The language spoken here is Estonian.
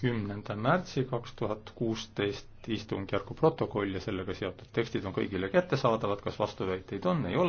kümnenda märtsi kaks tuhat kuusteist istungjärgu protokoll ja sellega seotud tekstid on kõigile kättesaadavad, kas vastuväiteid on, ei ole?